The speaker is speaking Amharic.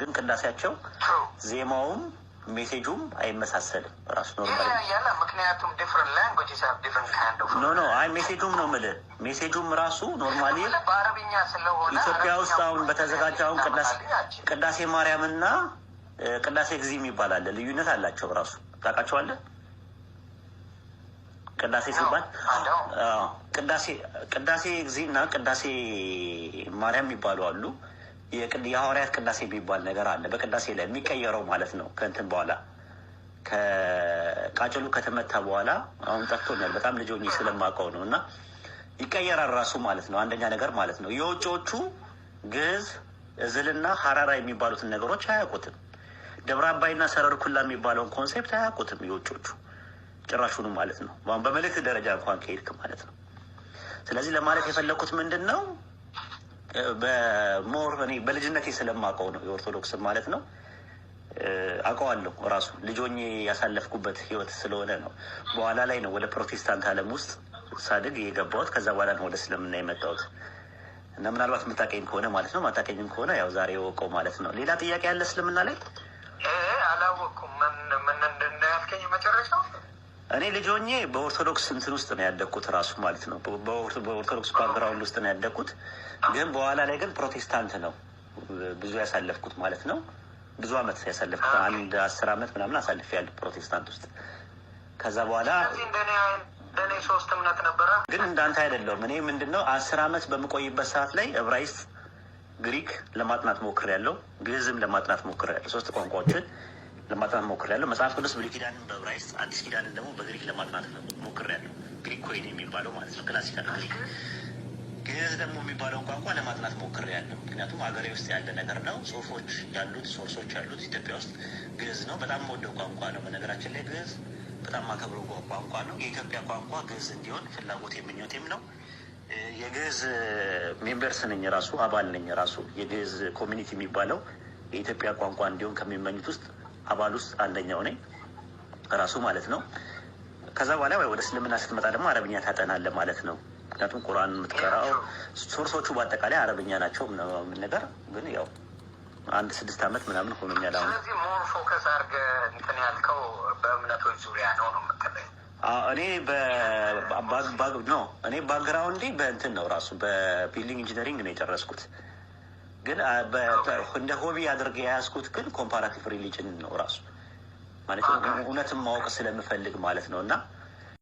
ግን ቅዳሴያቸው ዜማውም ሜሴጁም አይመሳሰልም። ራሱ ኖርማል ምክንያቱም ኖ ኖ አይ ሜሴጁም ነው የምልህ ሜሴጁም ራሱ ኖርማሊ ኢትዮጵያ ውስጥ አሁን በተዘጋጀ አሁን ቅዳሴ ማርያም እና ቅዳሴ ጊዜ የሚባል አለ። ልዩነት አላቸው። ራሱ ታውቃቸዋለህ። ቅዳሴ ሲባል ቅዳሴ ቅዳሴ ጊዜ እና ቅዳሴ ማርያም የሚባሉ አሉ። የሐዋርያት ቅዳሴ የሚባል ነገር አለ። በቅዳሴ ላይ የሚቀየረው ማለት ነው። ከእንትን በኋላ ከቃጭሉ ከተመታ በኋላ አሁን ጠፍቶኛል፣ በጣም ልጆ ስለማውቀው ነው። እና ይቀየራል ራሱ ማለት ነው። አንደኛ ነገር ማለት ነው። የውጮቹ ግዝ እዝልና ሀራራ የሚባሉትን ነገሮች አያውቁትም። ደብረ አባይና ሰረር ኩላ የሚባለውን ኮንሴፕት አያውቁትም የውጮቹ ጭራሹኑ ማለት ነው። በመልእክት ደረጃ እንኳን ከሄድክ ማለት ነው። ስለዚህ ለማለት የፈለግኩት ምንድን ነው በሞር እኔ በልጅነቴ ስለማውቀው ነው የኦርቶዶክስ ማለት ነው አውቀዋለሁ። ራሱ ልጆ ያሳለፍኩበት ህይወት ስለሆነ ነው። በኋላ ላይ ነው ወደ ፕሮቴስታንት አለም ውስጥ ሳድግ የገባሁት። ከዛ በኋላ ነው ወደ እስልምና የመጣሁት እና ምናልባት የምታቀኝ ከሆነ ማለት ነው፣ ማታቀኝም ከሆነ ያው ዛሬ ወቀው ማለት ነው። ሌላ ጥያቄ ያለ እስልምና ላይ አላወቅኩም። ምን እንደያስገኝ መጨረሻው እኔ ልጅ ሆኜ በኦርቶዶክስ እንትን ውስጥ ነው ያደግኩት ራሱ ማለት ነው። በኦርቶዶክስ ባክግራውንድ ውስጥ ነው ያደግኩት። ግን በኋላ ላይ ግን ፕሮቴስታንት ነው ብዙ ያሳለፍኩት ማለት ነው። ብዙ አመት ያሳለፍኩት አንድ አስር አመት ምናምን አሳልፍ ያለ ፕሮቴስታንት ውስጥ ከዛ በኋላ እኔ ሶስት እምነት ነበረ። ግን እንዳንተ አይደለውም። እኔ ምንድን ነው አስር አመት በምቆይበት ሰዓት ላይ እብራይስ ግሪክ ለማጥናት ሞክሬያለሁ። ግዕዝም ለማጥናት ሞክሬያለሁ። ሶስት ቋንቋዎችን ለማጥናት ሞክሬያለሁ። መጽሐፍ ቅዱስ ብሉይ ኪዳንን በዕብራይስጥ አዲስ ኪዳንን ደግሞ በግሪክ ለማጥናት ሞክሬያለሁ። ግሪክ ኮይን የሚባለው ማለት ነው። ክላሲካል ግሪክ ግዕዝ ደግሞ የሚባለውን ቋንቋ ለማጥናት ሞክሬያለሁ። ምክንያቱም ሀገሬ ውስጥ ያለ ነገር ነው። ጽሁፎች ያሉት ሶርሶች ያሉት ኢትዮጵያ ውስጥ ግዕዝ ነው። በጣም ወደው ቋንቋ ነው። በነገራችን ላይ ግዕዝ በጣም ማከብረው ቋንቋ ነው። የኢትዮጵያ ቋንቋ ግዕዝ እንዲሆን ፍላጎት የምኞቴም ነው። የግዕዝ ሜምበርስ ነኝ ራሱ አባል ነኝ ራሱ የግዕዝ ኮሚኒቲ የሚባለው የኢትዮጵያ ቋንቋ እንዲሆን ከሚመኙት ውስጥ አባል ውስጥ አንደኛው ነኝ ራሱ ማለት ነው። ከዛ በኋላ ወደ እስልምና ስትመጣ ደግሞ አረብኛ ታጠናለ ማለት ነው። ምክንያቱም ቁርአን የምትቀራው ሶርሶቹ በአጠቃላይ አረብኛ ናቸው ምን ነገር ግን ያው አንድ ስድስት ዓመት ምናምን ሆኖኛል። አሁን ስለዚህ ሞር ፎከስ አድርገህ እንትን ያልከው በእምነቶች ዙሪያ ነው ነው የምትለኝ? እኔ ነው እኔ ባክግራውንዴ በእንትን ነው ራሱ በቢልዲንግ ኢንጂነሪንግ ነው የጨረስኩት። ግን እንደ ሆቢ አድርገ የያዝኩት ግን ኮምፓራቲቭ ሪሊጅን ነው ራሱ ማለት እውነትም ማወቅ ስለምፈልግ ማለት ነው እና